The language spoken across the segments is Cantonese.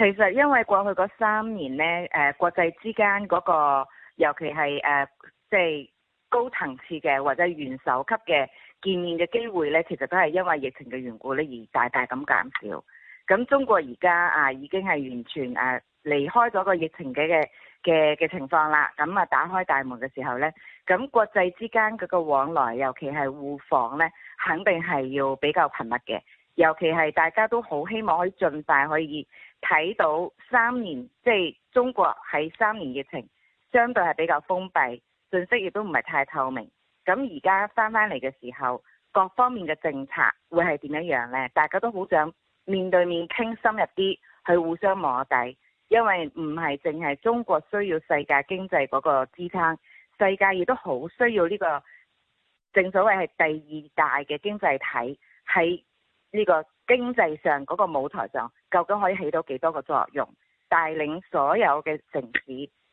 其實因為過去嗰三年呢，誒、呃、國際之間嗰、那個，尤其係誒、呃、即係高層次嘅或者元首級嘅見面嘅機會呢，其實都係因為疫情嘅緣故呢而大大咁減少。咁中國而家啊已經係完全誒離、啊、開咗個疫情嘅嘅嘅情況啦。咁啊打開大門嘅時候呢，咁國際之間嗰個往來，尤其係互訪呢，肯定係要比較頻密嘅。尤其係大家都好希望可以盡快可以。睇到三年，即係中國喺三年疫情，相對係比較封閉，信息亦都唔係太透明。咁而家翻翻嚟嘅時候，各方面嘅政策會係點樣樣咧？大家都好想面對面傾深入啲，去互相摸底，因為唔係淨係中國需要世界經濟嗰個支撐，世界亦都好需要呢個正所謂係第二大嘅經濟體喺呢個。經濟上嗰個舞台上究竟可以起到幾多個作用，帶領所有嘅城市、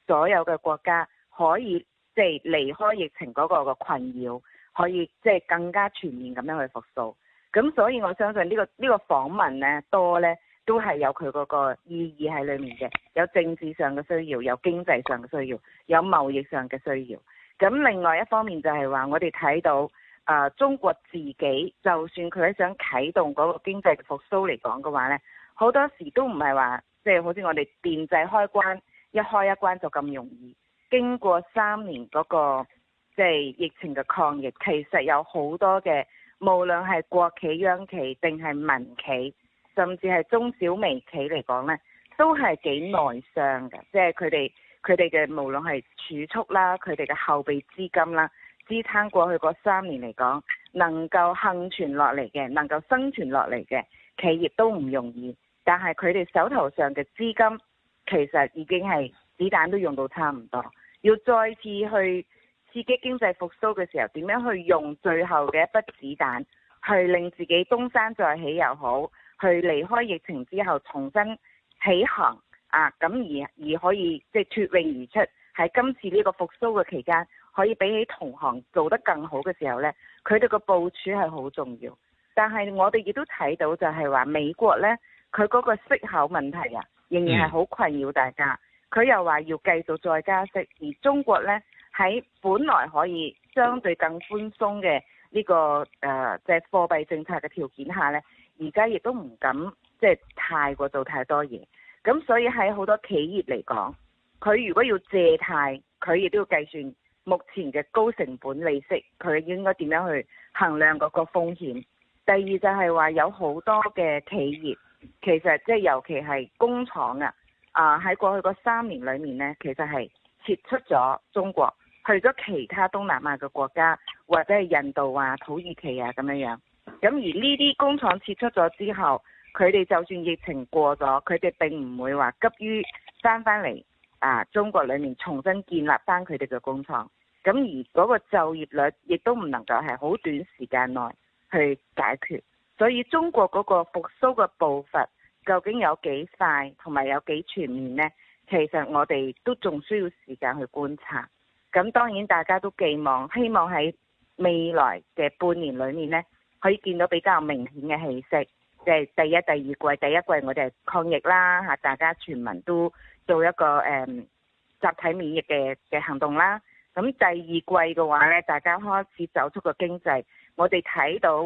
所有嘅國家可以即係、就是、離開疫情嗰個嘅困擾，可以即係、就是、更加全面咁樣去復甦。咁所以我相信呢、呢個呢、呢個訪問呢多呢都係有佢嗰個意義喺裏面嘅，有政治上嘅需要，有經濟上嘅需要，有貿易上嘅需要。咁另外一方面就係話我哋睇到。啊、呃、中國自己就算佢一想啟動嗰個經濟的復甦嚟講嘅話呢，好多時都唔係話即係好似我哋電掣開關，一開一關就咁容易。經過三年嗰、那個即係、就是、疫情嘅抗疫，其實有好多嘅，無論係國企、央企定係民企，甚至係中小微企嚟講呢，都係幾內傷嘅，即係佢哋佢哋嘅無論係儲蓄啦，佢哋嘅後備資金啦。支撐過去嗰三年嚟講，能夠倖存落嚟嘅，能夠生存落嚟嘅企業都唔容易，但係佢哋手頭上嘅資金其實已經係子彈都用到差唔多，要再次去刺激經濟復甦嘅時候，點樣去用最後嘅一筆子彈去令自己東山再起又好，去離開疫情之後重新起航啊！咁而而可以即係脫穎而出，喺今次呢個復甦嘅期間。可以比起同行做得更好嘅時候咧，佢哋個部署係好重要。但係我哋亦都睇到就係話美國咧，佢嗰個息口問題啊，仍然係好困擾大家。佢又話要繼續再加息，而中國咧，喺本來可以相對更寬鬆嘅呢、這個誒即係貨幣政策嘅條件下咧，而家亦都唔敢即係、就是、太過做太多嘢。咁所以喺好多企業嚟講，佢如果要借貸，佢亦都要計算。目前嘅高成本利息，佢應該點樣去衡量嗰個風險？第二就係話有好多嘅企業，其實即係尤其係工廠啊，啊、呃、喺過去嗰三年裏面呢，其實係撤出咗中國，去咗其他東南亞嘅國家或者係印度啊、土耳其啊咁樣樣。咁而呢啲工廠撤出咗之後，佢哋就算疫情過咗，佢哋並唔會話急於翻返嚟啊中國裏面重新建立翻佢哋嘅工廠。咁而嗰個就業率亦都唔能夠係好短時間內去解決，所以中國嗰個復甦嘅步伐究竟有幾快同埋有幾全面咧？其實我哋都仲需要時間去觀察。咁當然大家都寄望，希望喺未來嘅半年裏面咧，可以見到比較明顯嘅氣息。即係第一、第二季，第一季我哋係抗疫啦吓，大家全民都做一個誒、嗯、集體免疫嘅嘅行動啦。咁第二季嘅話咧，大家開始走出個經濟，我哋睇到，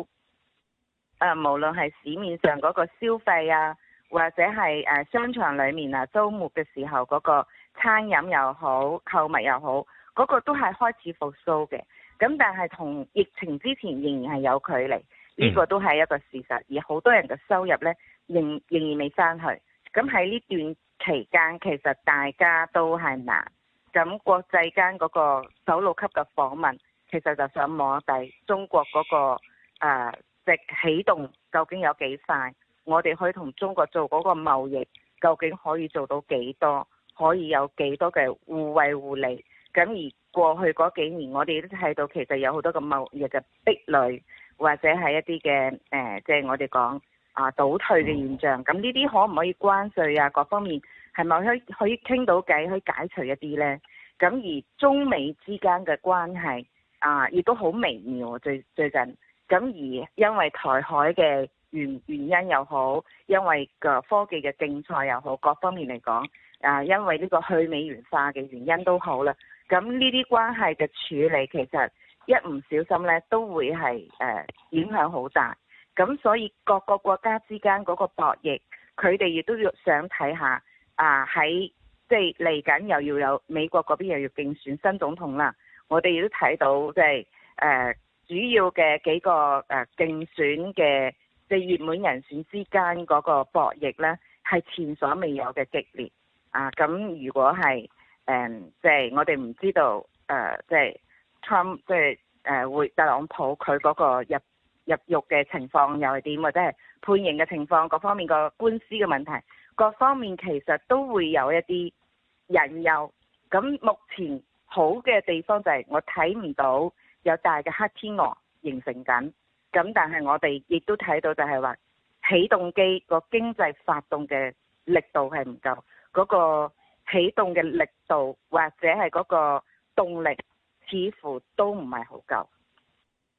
誒無論係市面上嗰個消費啊，或者係誒商場裏面啊，周末嘅時候嗰個餐飲又好，購物又好，嗰、那個都係開始復蘇嘅。咁但係同疫情之前仍然係有距離，呢、這個都係一個事實。嗯、而好多人嘅收入咧，仍仍然未翻去。咁喺呢段期間，其實大家都係難。咁國際間嗰個首腦級嘅訪問，其實就想摸底中國嗰、那個啊，即、呃、係起動究竟有幾快？我哋可以同中國做嗰個貿易，究竟可以做到幾多？可以有幾多嘅互惠互利？咁而過去嗰幾年，我哋都睇到其實有好多嘅貿易嘅壁壘，或者係一啲嘅誒，即、呃、係、就是、我哋講。啊倒退嘅現象，咁呢啲可唔可以關稅啊？各方面係咪可以可以傾到偈，可以解除一啲呢？咁而中美之間嘅關係啊，亦都好微妙，最、哦、最近。咁而因為台海嘅原原因又好，因為科技嘅競賽又好，各方面嚟講啊，因為呢個去美元化嘅原因都好啦。咁呢啲關係嘅處理其實一唔小心呢都會係誒、啊、影響好大。咁所以各個國家之間嗰個博弈，佢哋亦都要想睇下啊，喺即係嚟緊又要有美國嗰邊又要競選新總統啦。我哋亦都睇到即係誒主要嘅幾個誒、呃、競選嘅即係熱門人選之間嗰個博弈咧，係前所未有嘅激烈啊！咁如果係誒即係我哋唔知道誒即係 Trump 即係誒特朗普佢嗰、就是呃、個入。入獄嘅情況又係點，或者係判刑嘅情況，各方面個官司嘅問題，各方面其實都會有一啲隱憂。咁目前好嘅地方就係我睇唔到有大嘅黑天鵝形成緊。咁但係我哋亦都睇到就係話起動機個經濟發動嘅力度係唔夠，嗰個起動嘅力度或者係嗰個動力似乎都唔係好夠。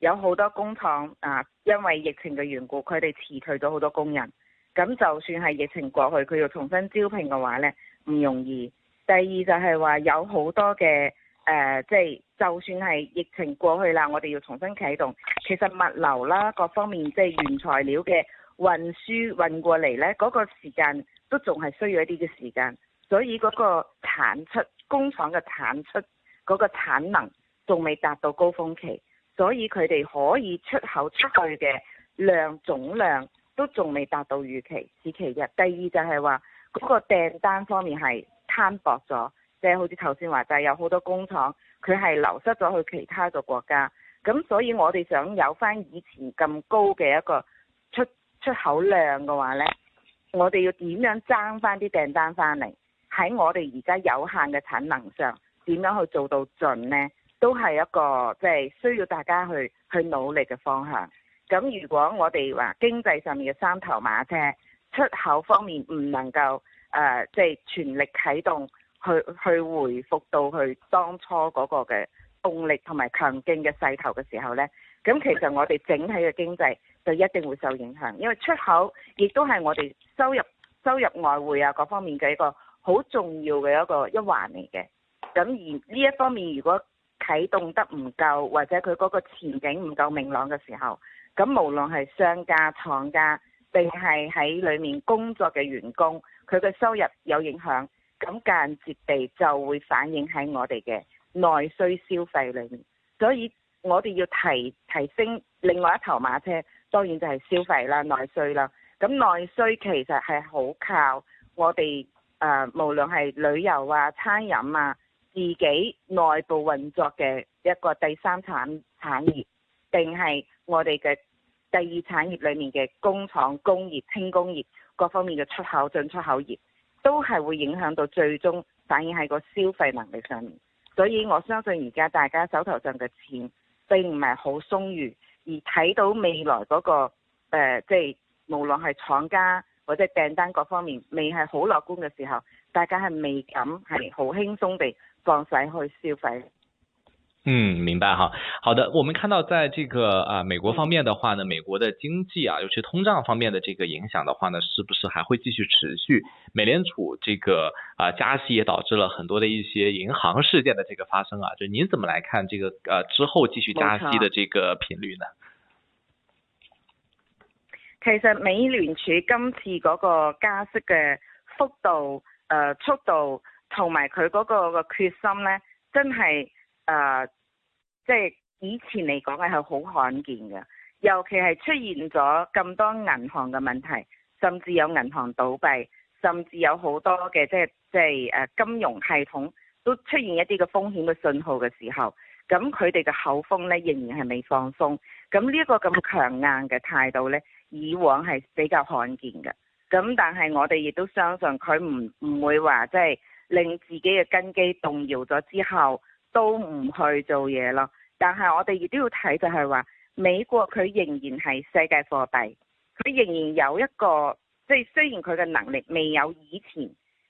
有好多工廠啊，因為疫情嘅緣故，佢哋辭退咗好多工人。咁就算係疫情過去，佢要重新招聘嘅話呢，唔容易。第二就係話有好多嘅誒，即係就算係疫情過去啦，我哋要重新啟動，其實物流啦、各方面，即係原材料嘅運輸運過嚟呢嗰個時間都仲係需要一啲嘅時間。所以嗰個產出工廠嘅產出嗰個產能仲未達到高峰期。所以佢哋可以出口出去嘅量總量都仲未達到預期，是其一，第二就係話嗰個訂單方面係攤薄咗，即係好似頭先話就係有好多工廠，佢係流失咗去其他嘅國家。咁所以我哋想有翻以前咁高嘅一個出出口量嘅話咧，我哋要點樣爭翻啲訂單翻嚟？喺我哋而家有限嘅產能上，點樣去做到盡咧？都係一個即係需要大家去去努力嘅方向。咁如果我哋話經濟上面嘅三頭馬車，出口方面唔能夠誒、即係全力啟動去，去去回復到去當初嗰個嘅動力同埋強勁嘅勢頭嘅時候呢，咁其實我哋整體嘅經濟就一定會受影響，因為出口亦都係我哋收入收入外匯啊各方面嘅一個好重要嘅一個一環嚟嘅。咁而呢一方面如果，啟動得唔夠，或者佢嗰個前景唔夠明朗嘅時候，咁無論係商家、廠家，定係喺裏面工作嘅員工，佢嘅收入有影響，咁間接地就會反映喺我哋嘅內需消費裏面。所以，我哋要提提升另外一頭馬車，當然就係消費啦、內需啦。咁內需其實係好靠我哋，誒、呃，無論係旅遊啊、餐飲啊。自己內部運作嘅一個第三產產業，定係我哋嘅第二產業裏面嘅工廠、工業、輕工業各方面嘅出口進出口業，都係會影響到最終反映喺個消費能力上面。所以我相信而家大家手頭上嘅錢並唔係好鬆裕，而睇到未來嗰個，呃，即係無論係廠家或者訂單各方面未係好樂觀嘅時候，大家係未敢係好輕鬆地。放曬去消費。嗯，明白哈。好的，我們看到，在這個啊、呃、美國方面的話呢，美國的經濟啊，尤其通脹方面的這個影響的話呢，是不是還會繼續持續？美聯儲這個啊、呃、加息也導致了很多的一些銀行事件的這個發生啊，就您怎麼來看這個呃之後繼續加息的這個頻率呢？啊、其實美聯儲今次嗰個加息嘅幅度，誒速度。呃速度同埋佢嗰個決心呢，真係誒、呃、即係以前嚟講係係好罕見嘅。尤其係出現咗咁多銀行嘅問題，甚至有銀行倒閉，甚至有好多嘅即係即係誒金融系統都出現一啲嘅風險嘅信號嘅時候，咁佢哋嘅口風呢，仍然係未放鬆，咁呢一個咁強硬嘅態度呢，以往係比較罕見嘅。咁但係我哋亦都相信佢唔唔會話即係。令自己嘅根基動搖咗之後，都唔去做嘢咯。但係我哋亦都要睇，就係話美國佢仍然係世界貨幣，佢仍然有一個，即係雖然佢嘅能力未有以前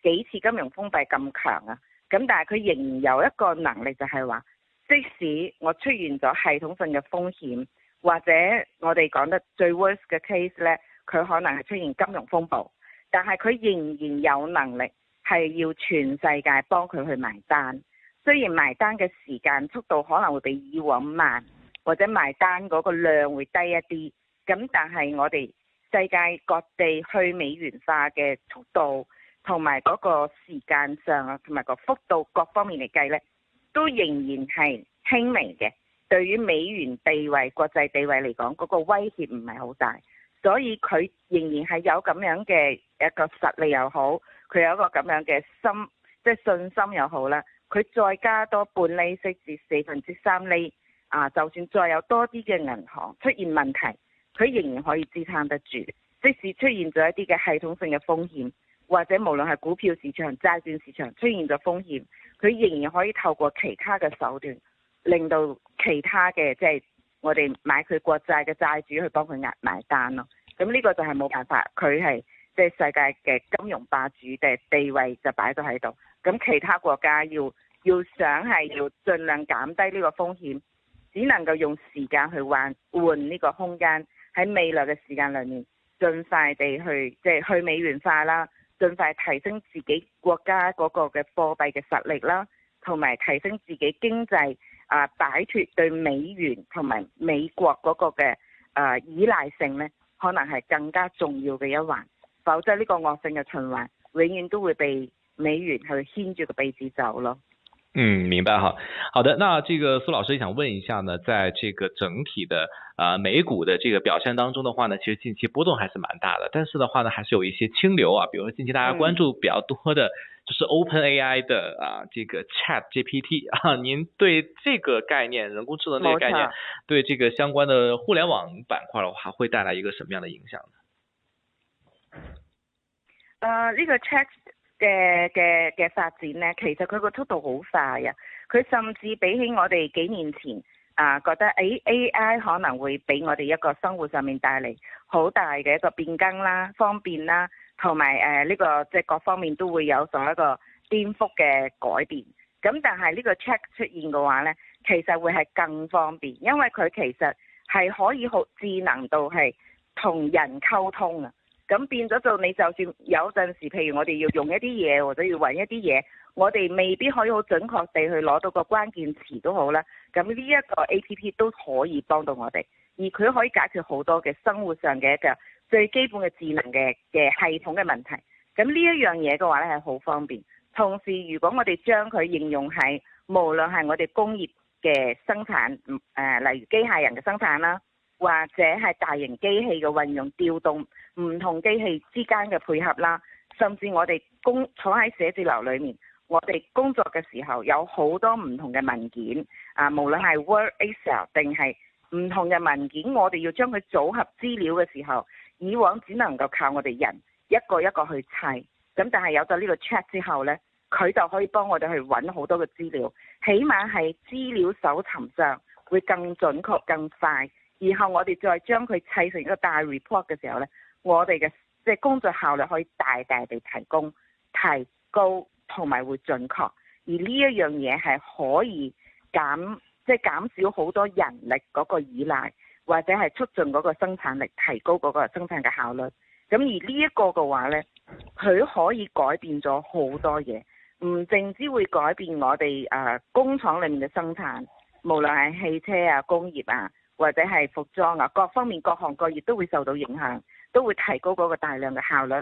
幾次金融封閉咁強啊，咁但係佢仍然有一個能力就是說，就係話即使我出現咗系統性嘅風險，或者我哋講得最 worse 嘅 case 呢，佢可能係出現金融風暴，但係佢仍然有能力。係要全世界幫佢去埋單，雖然埋單嘅時間速度可能會比以往慢，或者埋單嗰個量會低一啲，咁但係我哋世界各地去美元化嘅速度同埋嗰個時間上啊，同埋個幅度各方面嚟計呢，都仍然係輕微嘅。對於美元地位、國際地位嚟講，嗰個威脅唔係好大，所以佢仍然係有咁樣嘅一個實力又好。佢有一個咁樣嘅心，即係信心又好啦。佢再加多半厘息至四分之三厘啊！就算再有多啲嘅銀行出現問題，佢仍然可以支撐得住。即使出現咗一啲嘅系統性嘅風險，或者無論係股票市場、債券市場出現咗風險，佢仍然可以透過其他嘅手段，令到其他嘅即係我哋買佢國債嘅債主去幫佢壓買單咯。咁呢個就係冇辦法，佢係。即係世界嘅金融霸主嘅地位就擺咗喺度，咁其他國家要要想係要盡量減低呢個風險，只能夠用時間去換換呢個空間，喺未來嘅時間裏面，盡快地去即係、就是、去美元化啦，盡快提升自己國家嗰個嘅貨幣嘅實力啦，同埋提升自己經濟啊，擺脫對美元同埋美國嗰個嘅誒依賴性咧，可能係更加重要嘅一環。否則呢個惡性嘅循環，永遠都會被美元去牽住個鼻子走咯。嗯，明白哈、啊。好的，那這個蘇老師想問一下呢，在這個整體的啊美股的這個表現當中的話呢，其實近期波動還是蠻大的。但是的話呢，還是有一些清流啊，比如說近期大家關注比較多的，就是 OpenAI 的、嗯、啊，這個 ChatGPT 啊，您對這個概念，人工智能呢個概念，對這個相關的互聯網板塊的話，會帶來一個什麼樣嘅影響？誒、呃、呢、這個 Chat 嘅嘅嘅發展呢，其實佢個速度好快啊！佢甚至比起我哋幾年前啊，覺得誒 AI 可能會俾我哋一個生活上面帶嚟好大嘅一個變更啦、方便啦，同埋誒呢個即係各方面都會有所一個顛覆嘅改變。咁但係呢個 Chat 出現嘅話呢，其實會係更方便，因為佢其實係可以好智能到係同人溝通啊。咁變咗就你就算有陣時，譬如我哋要用一啲嘢或者要揾一啲嘢，我哋未必可以好準確地去攞到個關鍵詞都好啦。咁呢一個 APP 都可以幫到我哋，而佢可以解決好多嘅生活上嘅一個最基本嘅智能嘅嘅系統嘅問題。咁呢一樣嘢嘅話呢係好方便。同時，如果我哋將佢應用喺，無論係我哋工業嘅生產，誒、呃、例如機械人嘅生產啦。或者係大型機器嘅運用、調動唔同機器之間嘅配合啦，甚至我哋工坐喺寫字樓裏面，我哋工作嘅時候有好多唔同嘅文件啊，無論係 Word、Excel 定係唔同嘅文件，我哋要將佢組合資料嘅時候，以往只能夠靠我哋人一個一個去砌，咁但係有咗呢個 Chat 之後呢，佢就可以幫我哋去揾好多嘅資料，起碼係資料搜尋上會更準確、更快。然後我哋再將佢砌成一個大 report 嘅時候呢，我哋嘅即係工作效率可以大大地提供、提高，同埋會準確。而呢一樣嘢係可以減即係減少好多人力嗰個依賴，或者係促進嗰個生產力，提高嗰個生產嘅效率。咁而呢一個嘅話呢，佢可以改變咗好多嘢，唔淨只會改變我哋誒工廠裏面嘅生產，無論係汽車啊、工業啊。或者係服裝啊，各方面，各行各業都會受到影響，都會提高嗰個大量嘅效率。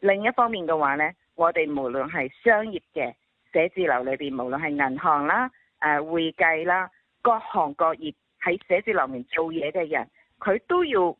另一方面嘅話呢，我哋無論係商業嘅寫字樓裏面，無論係銀行啦、誒、啊、會計啦，各行各業喺寫字樓面做嘢嘅人，佢都要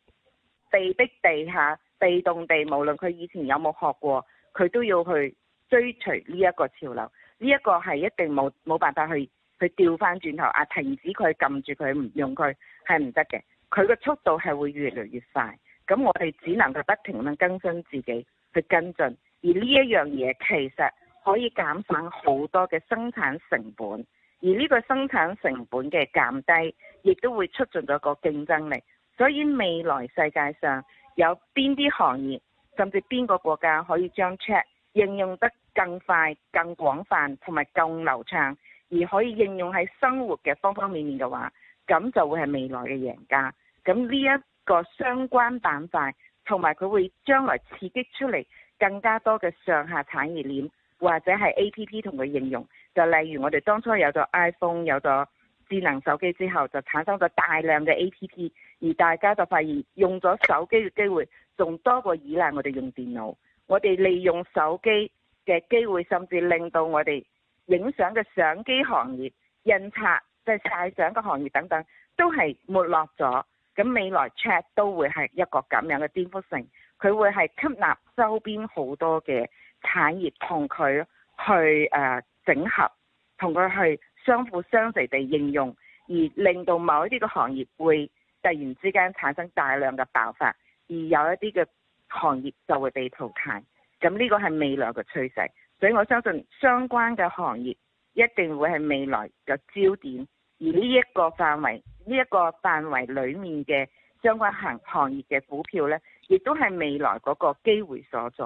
被逼地下、被動地，無論佢以前有冇學過，佢都要去追隨呢一個潮流。呢、這、一個係一定冇冇辦法去。佢調翻轉頭啊！停止佢，撳住佢，唔用佢，係唔得嘅。佢個速度係會越嚟越快，咁我哋只能夠不停咁更新自己去跟進。而呢一樣嘢其實可以減省好多嘅生產成本，而呢個生產成本嘅減低，亦都會促進咗個競爭力。所以未來世界上有邊啲行業，甚至邊個國家可以將 Chat 應用得更快、更廣泛同埋更流暢？而可以應用喺生活嘅方方面面嘅話，咁就會係未來嘅贏家。咁呢一個相關板塊，同埋佢會將來刺激出嚟更加多嘅上下產業鏈，或者係 APP 同佢應用。就例如我哋當初有咗 iPhone，有咗智能手機之後，就產生咗大量嘅 APP。而大家就發現用咗手機嘅機會仲多過依賴我哋用電腦。我哋利用手機嘅機會，甚至令到我哋影相嘅相機行業、印刷、即、就、係、是、曬相嘅行業等等，都係沒落咗。咁未來 Chat 都會係一個咁樣嘅顛覆性，佢會係吸納周邊好多嘅產業同佢去誒、呃、整合，同佢去相互相藉相輔相成地應用，而令到某一啲嘅行業會突然之間產生大量嘅爆發，而有一啲嘅行業就會被淘汰。咁呢個係未來嘅趨勢。所以我相信相關嘅行業一定會係未來嘅焦點，而呢一個範圍，呢一個範圍裏面嘅相關行行業嘅股票咧，亦都係未來嗰個機會所在。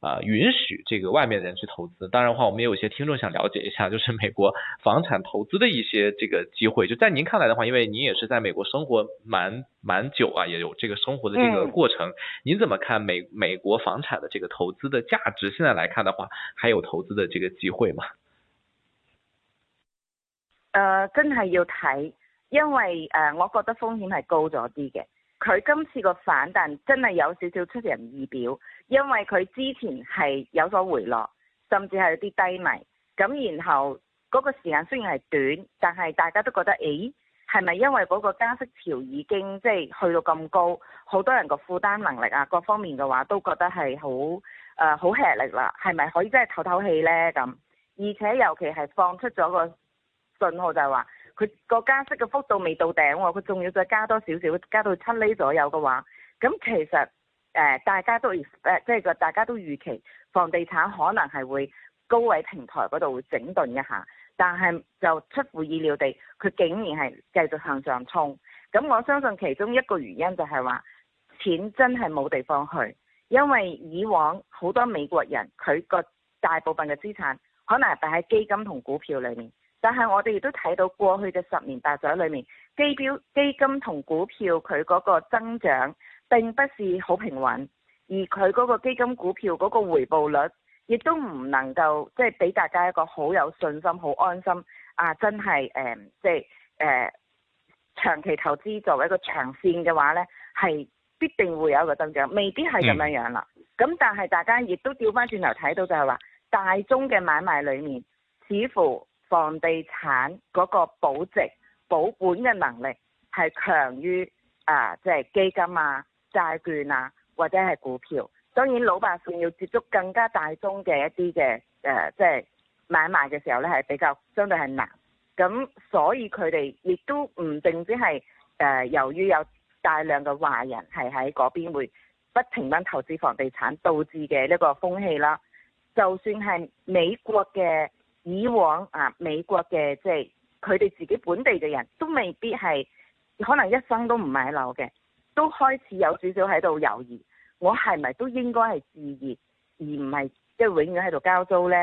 啊、呃，允許這個外面的人去投資。當然的話，我們也有些聽眾想了解一下，就是美國房產投資的一些這個機會。就在您看來的話，因為您也是在美國生活蠻蠻久啊，也有這個生活的這個過程，嗯、您怎麼看美美國房產的這個投資的價值？現在來看的話，還有投資的這個機會嗎？呃，真係要睇，因為呃，我覺得風險係高咗啲嘅。佢今次個反彈真係有少少出人意表，因為佢之前係有所回落，甚至係有啲低迷。咁然後嗰個時間雖然係短，但係大家都覺得，誒係咪因為嗰個加息潮已經即係去到咁高，好多人個負擔能力啊各方面嘅話都覺得係好誒好吃力啦，係咪可以即係透透氣呢？咁，而且尤其係放出咗個信號就係話。佢個加息嘅幅度未到頂，哦，佢仲要再加多少少，加到七厘左右嘅話，咁其實、呃、大家都預，即係個大家都預期，房地產可能係會高位平台嗰度整頓一下，但係就出乎意料地，佢竟然係繼續向上衝。咁我相信其中一個原因就係話，錢真係冇地方去，因為以往好多美國人，佢個大部分嘅資產，可能係擺喺基金同股票裏面。但係我哋亦都睇到過去嘅十年八載裏面，基標基金同股票佢嗰個增長並不是好平穩，而佢嗰個基金股票嗰個回報率也不，亦都唔能夠即係俾大家一個好有信心、好安心。啊，真係誒、呃，即係誒、呃，長期投資作為一個長線嘅話呢係必定會有一個增長，未必係咁樣樣啦。咁、嗯、但係大家亦都調翻轉頭睇到就係話，大宗嘅買賣裏面似乎。房地產嗰個保值保本嘅能力係強於啊，即係基金啊、債券啊或者係股票。當然，老百姓要接觸更加大宗嘅一啲嘅誒，即係買賣嘅時候咧，係比較相對係難。咁所以佢哋亦都唔淨止係誒，由於有大量嘅華人係喺嗰邊會不停咁投資房地產導致嘅呢個風氣啦。就算係美國嘅。以往啊，美國嘅即係佢哋自己本地嘅人都未必係可能一生都唔買樓嘅，都開始有少少喺度猶豫，我係咪都應該係置業，而唔係即係永遠喺度交租呢？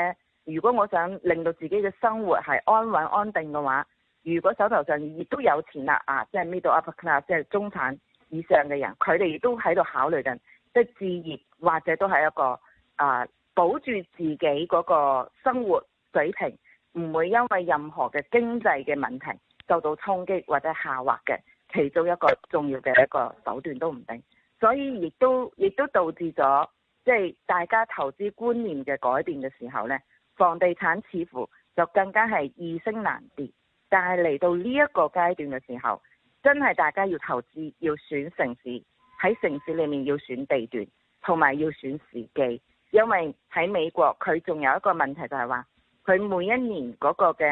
如果我想令到自己嘅生活係安穩安定嘅話，如果手頭上亦都有錢啦啊，即係 middle upper class 即係中產以上嘅人，佢哋都喺度考慮緊，即係置業或者都係一個啊保住自己嗰個生活。水平唔會因為任何嘅經濟嘅問題受到衝擊或者下滑嘅，其中一個重要嘅一個手段都唔定，所以亦都亦都導致咗即係大家投資觀念嘅改變嘅時候咧，房地產似乎就更加係易升難跌。但係嚟到呢一個階段嘅時候，真係大家要投資要選城市，喺城市裏面要選地段同埋要選時機，因為喺美國佢仲有一個問題就係話。佢每一年嗰個嘅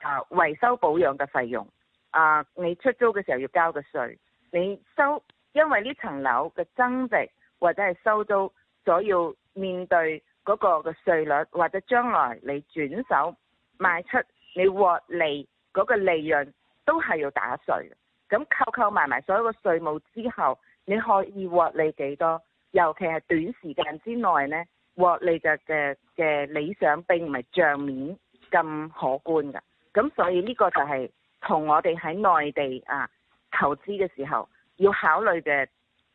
啊維修保養嘅費用，啊你出租嘅時候要交嘅稅，你收，因為呢層樓嘅增值或者係收租所要面對嗰個嘅稅率，或者將來你轉手賣出你獲利嗰個利潤都係要打稅嘅。咁扣扣埋埋所有嘅稅務之後，你可以獲利幾多？尤其係短時間之內呢。獲利嘅嘅嘅理想並唔係帳面咁可觀㗎，咁所以呢個就係同我哋喺內地啊投資嘅時候要考慮嘅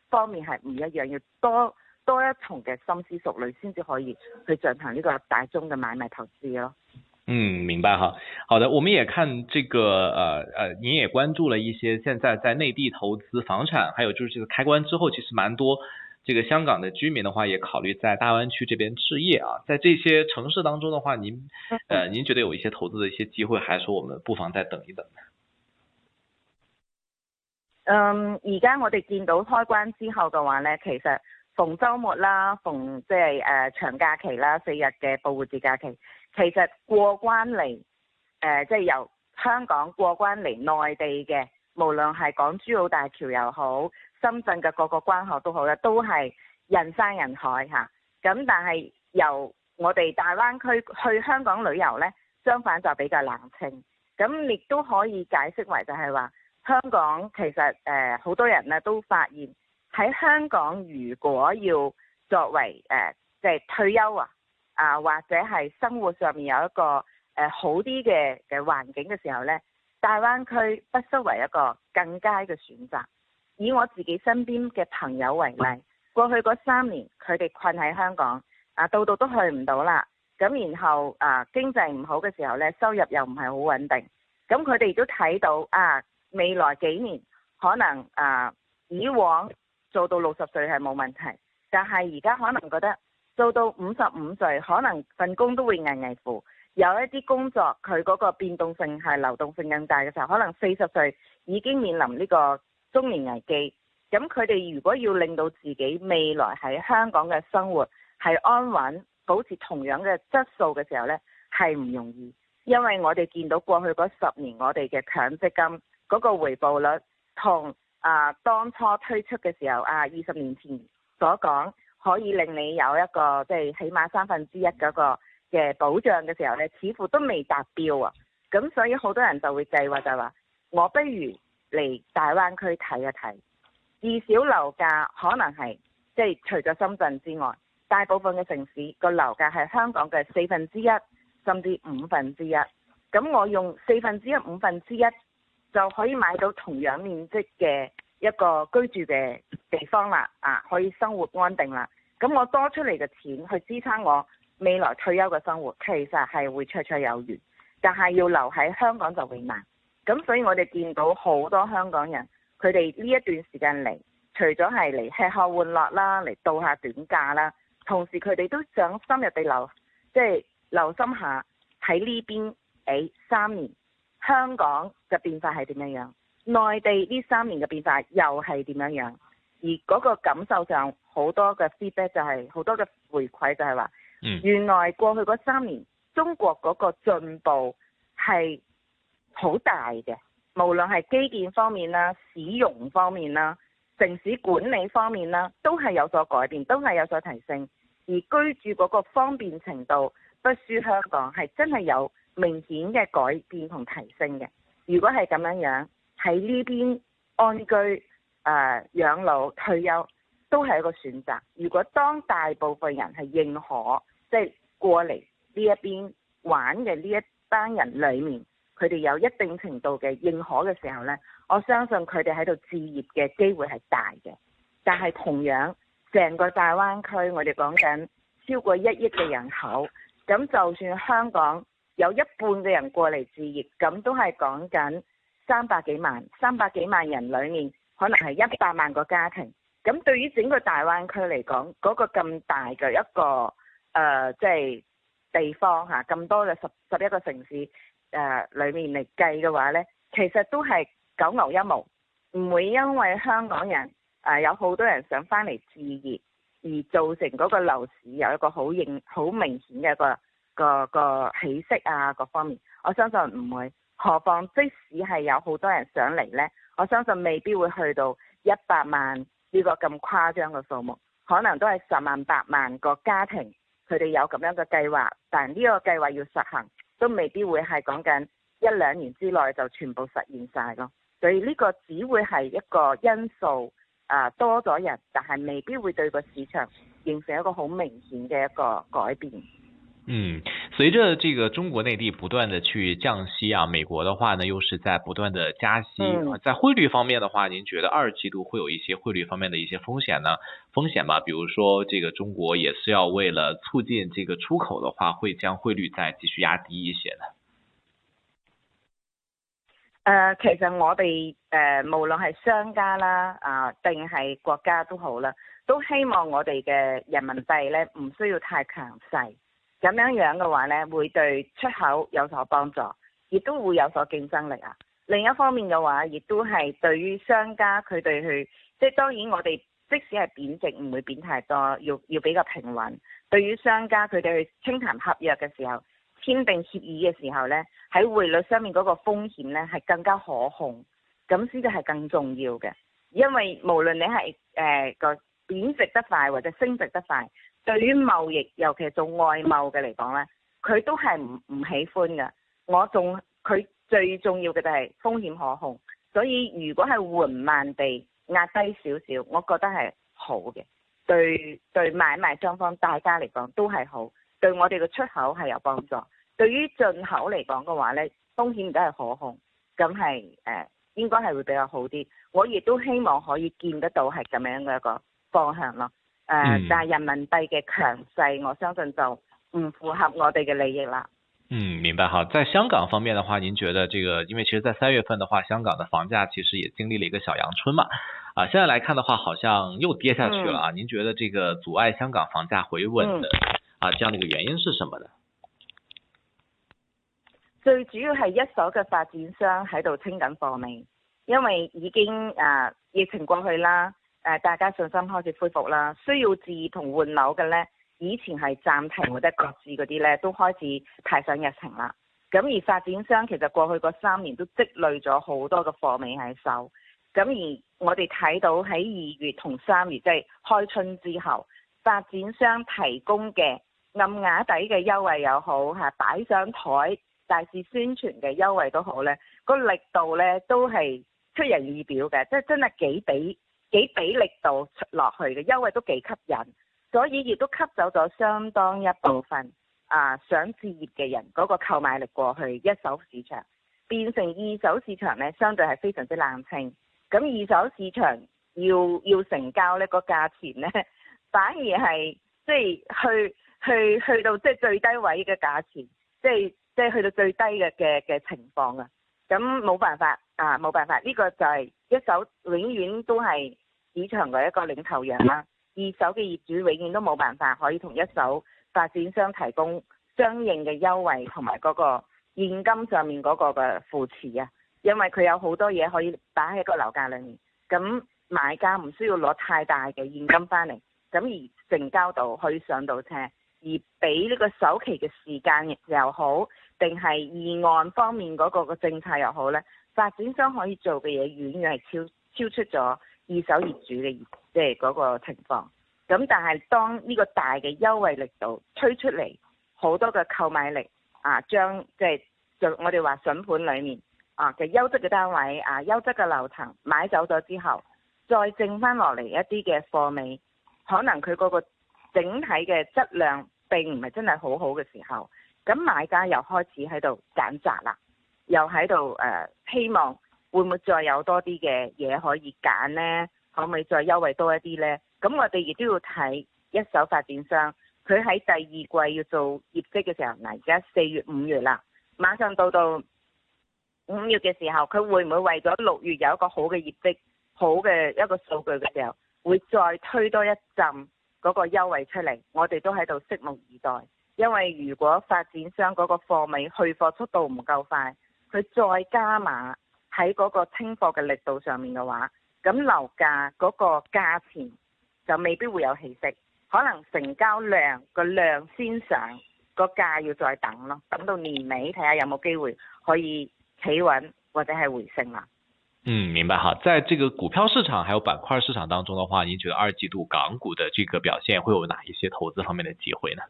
方面係唔一樣，要多多一重嘅心思熟慮先至可以去進行呢個大宗嘅買賣投資咯。嗯，明白哈。好的，我們也看這個，呃呃，你也關注了一些現在在內地投資房產，還有就是這個開關之後其實蠻多。這個香港的居民的話，也考慮在大灣區這邊置業啊，在這些城市當中的話，您呃，您覺得有一些投資的一些機會，還是我們不妨再等一等呢？ 嗯，而家我哋見到開關之後的話呢，其實逢周末啦，逢即係誒長假期啦，四日嘅復活節假期，其實過關嚟，誒，即係，呃，就是由香港過關嚟內地嘅，無論係港珠澳大橋又好。深圳嘅各個關口都好啦，都係人山人海嚇。咁但係由我哋大灣區去香港旅遊呢，相反就比較冷清。咁亦都可以解釋為就係話，香港其實誒好、呃、多人呢都發現喺香港如果要作為即、呃係、退休啊啊或者係生活上面有一個、呃、好啲嘅嘅環境嘅時候呢，大灣區不失為一個更加嘅選擇。以我自己身邊嘅朋友為例，過去嗰三年佢哋困喺香港，啊，到度都去唔到啦。咁然後啊，經濟唔好嘅時候呢，收入又唔係好穩定。咁佢哋都睇到啊，未來幾年可能啊，以往做到六十歲係冇問題，但係而家可能覺得做到五十五歲可能份工都會危危乎，有一啲工作佢嗰個變動性係流動性更大嘅時候，可能四十歲已經面臨呢個。中年危機，咁佢哋如果要令到自己未來喺香港嘅生活係安穩，保持同樣嘅質素嘅時候呢，係唔容易，因為我哋見到過去嗰十年我哋嘅強積金嗰個回報率同啊當初推出嘅時候啊二十年前所講可以令你有一個即係、就是、起碼三分之一嗰個嘅保障嘅時候呢，似乎都未達標啊，咁所以好多人就會計劃就話，我不如，嚟大灣區睇一睇，至少樓價可能係即係除咗深圳之外，大部分嘅城市個樓價係香港嘅四分之一甚至五分之一。咁我用四分之一、五分之一就可以買到同樣面積嘅一個居住嘅地方啦，啊可以生活安定啦。咁我多出嚟嘅錢去支撐我未來退休嘅生活，其實係會綽綽有餘，但係要留喺香港就永難。咁所以我哋見到好多香港人，佢哋呢一段時間嚟，除咗係嚟吃喝玩樂啦，嚟度下短假啦，同時佢哋都想深入地留，即係留心下喺呢邊誒三年香港嘅變化係點樣樣，內地呢三年嘅變化又係點樣樣，而嗰個感受上好多嘅 feedback 就係好多嘅回饋就係話，嗯，原來過去嗰三年中國嗰個進步係好大嘅，無論係基建方面啦、使用方面啦、城市管理方面啦，都係有所改變，都係有所提升。而居住嗰個方便程度不輸香港，係真係有明顯嘅改變同提升嘅。如果係咁樣樣喺呢邊安居誒、呃、養老退休，都係一個選擇。如果當大部分人係認可，即係過嚟呢一邊玩嘅呢一班人裏面。佢哋有一定程度嘅認可嘅時候呢，我相信佢哋喺度置業嘅機會係大嘅。但係同樣，成個大灣區，我哋講緊超過一億嘅人口，咁就算香港有一半嘅人過嚟置業，咁都係講緊三百幾萬三百幾萬人裏面，可能係一百萬個家庭。咁對於整個大灣區嚟講嗰個咁大嘅一個誒即係地方吓，咁多嘅十十一個城市。誒、呃、裏面嚟計嘅話呢，其實都係九牛一毛，唔會因為香港人、呃、有好多人想翻嚟置業，而造成嗰個樓市有一個好認好明顯嘅一個一個,一個起色啊各方面，我相信唔會。何況即使係有好多人想嚟呢，我相信未必會去到一百萬呢個咁誇張嘅數目，可能都係十萬八萬個家庭佢哋有咁樣嘅計劃，但呢個計劃要實行。都未必會係講緊一兩年之內就全部實現晒咯，所以呢個只會係一個因素，啊多咗人，但係未必會對個市場形成一個好明顯嘅一個改變。嗯，隨着這個中國內地不斷的去降息啊，美國的話呢又是在不斷的加息。嗯、在匯率方面的話，您覺得二季度會有一些匯率方面的一些風險呢？風險吧，比如說這個中國也是要為了促進這個出口的話，會將匯率再繼續壓低一些的。呃，其實我哋呃，無論係商家啦啊，定、呃、係國家都好啦，都希望我哋嘅人民幣咧，唔需要太強勢。咁樣樣嘅話呢，會對出口有所幫助，亦都會有所競爭力啊！另一方面嘅話，亦都係對於商家佢哋去，即係當然我哋即使係貶值，唔會貶太多，要要比較平穩。對於商家佢哋去清談合約嘅時候，簽訂協議嘅時候呢，喺匯率上面嗰個風險呢係更加可控，咁先至係更重要嘅。因為無論你係誒個貶值得快，或者升值得快。對於貿易，尤其係做外貿嘅嚟講呢，佢都係唔唔喜歡嘅。我仲，佢最重要嘅就係風險可控，所以如果係緩慢地壓低少少，我覺得係好嘅，對對買賣雙方大家嚟講都係好，對我哋嘅出口係有幫助。對於進口嚟講嘅話呢，風險都係可控，咁係誒應該係會比較好啲。我亦都希望可以見得到係咁樣嘅一個方向咯。誒、呃，但係人民幣嘅強勢，我相信就唔符合我哋嘅利益啦。嗯，明白哈。在香港方面嘅話，您覺得這個，因為其實在三月份嘅話，香港嘅房價其實也經歷了一個小陽春嘛。啊、呃，現在來看嘅話，好像又跌下去了啊、嗯，您覺得這個阻礙香港房價回穩嘅、嗯、啊，這樣嘅一個原因是什麼呢？最主要係一手嘅發展商喺度清緊貨未，因為已經啊、呃、疫情過去啦。誒，大家信心開始恢復啦，需要置同換樓嘅呢，以前係暫停或者擱置嗰啲呢，都開始排上日程啦。咁而發展商其實過去嗰三年都積累咗好多嘅貨尾喺手，咁而我哋睇到喺二月同三月即係、就是、開春之後，發展商提供嘅暗啞底嘅優惠又好，吓擺上台大肆宣傳嘅優惠都好呢、那個力度呢都係出人意表嘅，即係真係幾比。幾俾力度出落去嘅優惠都幾吸引，所以亦都吸走咗相當一部分啊想置業嘅人嗰個購買力過去一手市場，變成二手市場咧，相對係非常之冷清。咁二手市場要要成交呢個價錢咧反而係即係去去去到即係最低位嘅價錢，即係即係去到最低嘅嘅嘅情況啊！咁冇辦法啊，冇辦法呢個就係。一手永遠都係市場嘅一個領頭羊啦，二手嘅業主永遠都冇辦法可以同一手發展商提供相應嘅優惠同埋嗰個現金上面嗰個嘅扶持啊，因為佢有好多嘢可以擺喺個樓價裡面，咁買家唔需要攞太大嘅現金翻嚟，咁而成交到可以上到車，而俾呢個首期嘅時間又好，定係議案方面嗰個嘅政策又好呢？發展商可以做嘅嘢，遠遠係超超出咗二手業主嘅即係嗰個情況。咁但係當呢個大嘅優惠力度推出嚟，好多嘅購買力啊，將即係我哋話笋盤裏面啊嘅優質嘅單位啊，優質嘅樓層買走咗之後，再剩翻落嚟一啲嘅貨尾，可能佢嗰個整體嘅質量並唔係真係好好嘅時候，咁買家又開始喺度揀擇啦。又喺度誒，希望會唔會再有多啲嘅嘢可以揀呢？可唔可以再優惠多一啲呢？咁我哋亦都要睇一手發展商，佢喺第二季要做業績嘅時候，嗱，而家四月五月啦，馬上到到五月嘅時候，佢會唔會為咗六月有一個好嘅業績、好嘅一個數據嘅時候，會再推多一陣嗰個優惠出嚟？我哋都喺度拭目以待，因為如果發展商嗰個貨尾去貨速度唔夠快，佢再加碼喺嗰個清貨嘅力度上面嘅話，咁樓價嗰個價錢就未必會有起色，可能成交量個量先上，個價要再等咯，等到年尾睇下有冇機會可以企穩或者係回升啦。嗯，明白哈，在這個股票市場，還有板塊市場當中嘅話，你覺得二季度港股的這個表現會有哪一些投資方面的機會呢？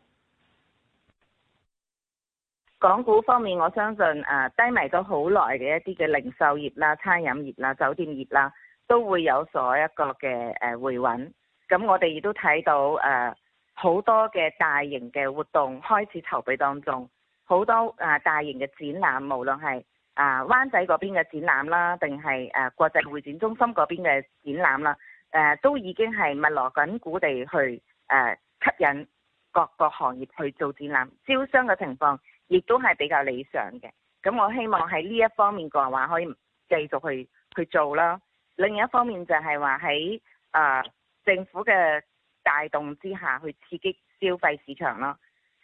港股方面，我相信誒、啊、低迷咗好耐嘅一啲嘅零售業啦、餐飲業啦、酒店業啦，都會有所一個嘅、啊、回穩。咁我哋亦都睇到誒好、啊、多嘅大型嘅活動開始籌備當中，好多、啊、大型嘅展覽，無論係啊灣仔嗰邊嘅展覽啦，定係、啊、國際會展中心嗰邊嘅展覽啦、啊，都已經係密鑼緊鼓地去誒、啊、吸引各個行業去做展覽招商嘅情況。亦都係比較理想嘅，咁我希望喺呢一方面講話可以繼續去去做啦。另一方面就係話喺啊政府嘅帶動之下去刺激消費市場啦，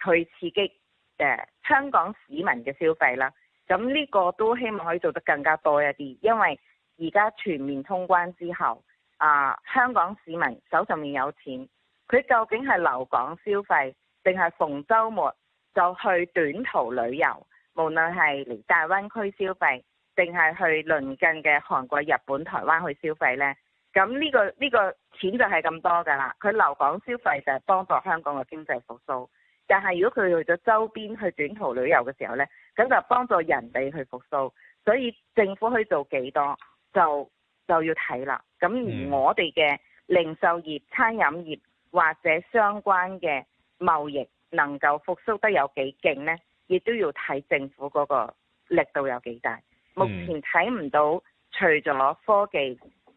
去刺激誒、呃、香港市民嘅消費啦。咁呢個都希望可以做得更加多一啲，因為而家全面通關之後，啊、呃、香港市民手上面有錢，佢究竟係留港消費定係逢週末，就去短途旅遊，無論係嚟大灣區消費，定係去鄰近嘅韓國、日本、台灣去消費呢。咁呢個呢個錢就係咁多㗎啦。佢留港消費就係幫助香港嘅經濟復甦，但係如果佢去咗周邊去短途旅遊嘅時候呢，咁就幫助人哋去復甦。所以政府可以做幾多就就要睇啦。咁而我哋嘅零售業、餐飲業或者相關嘅貿易，能夠復甦得有幾勁呢，亦都要睇政府嗰個力度有幾大。目前睇唔到，嗯、除咗科技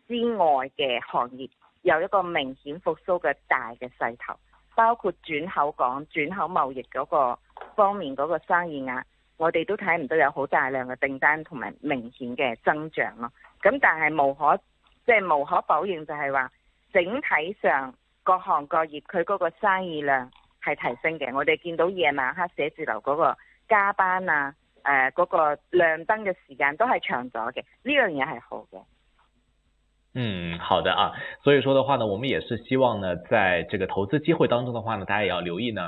之外嘅行業有一個明顯復甦嘅大嘅勢頭，包括轉口港、轉口貿易嗰個方面嗰個生意額，我哋都睇唔到有好大量嘅訂單同埋明顯嘅增長咯。咁但係無可即係、就是、無可否認，就係話整體上各行各業佢嗰個生意量。係提升嘅，我哋見到夜晚黑寫字樓嗰個加班啊，誒，嗰個亮燈嘅時間都係長咗嘅，呢樣嘢係好嘅。嗯，好的啊，所以說的話呢，我們也是希望呢，在這個投資機會當中的話呢，大家也要留意呢。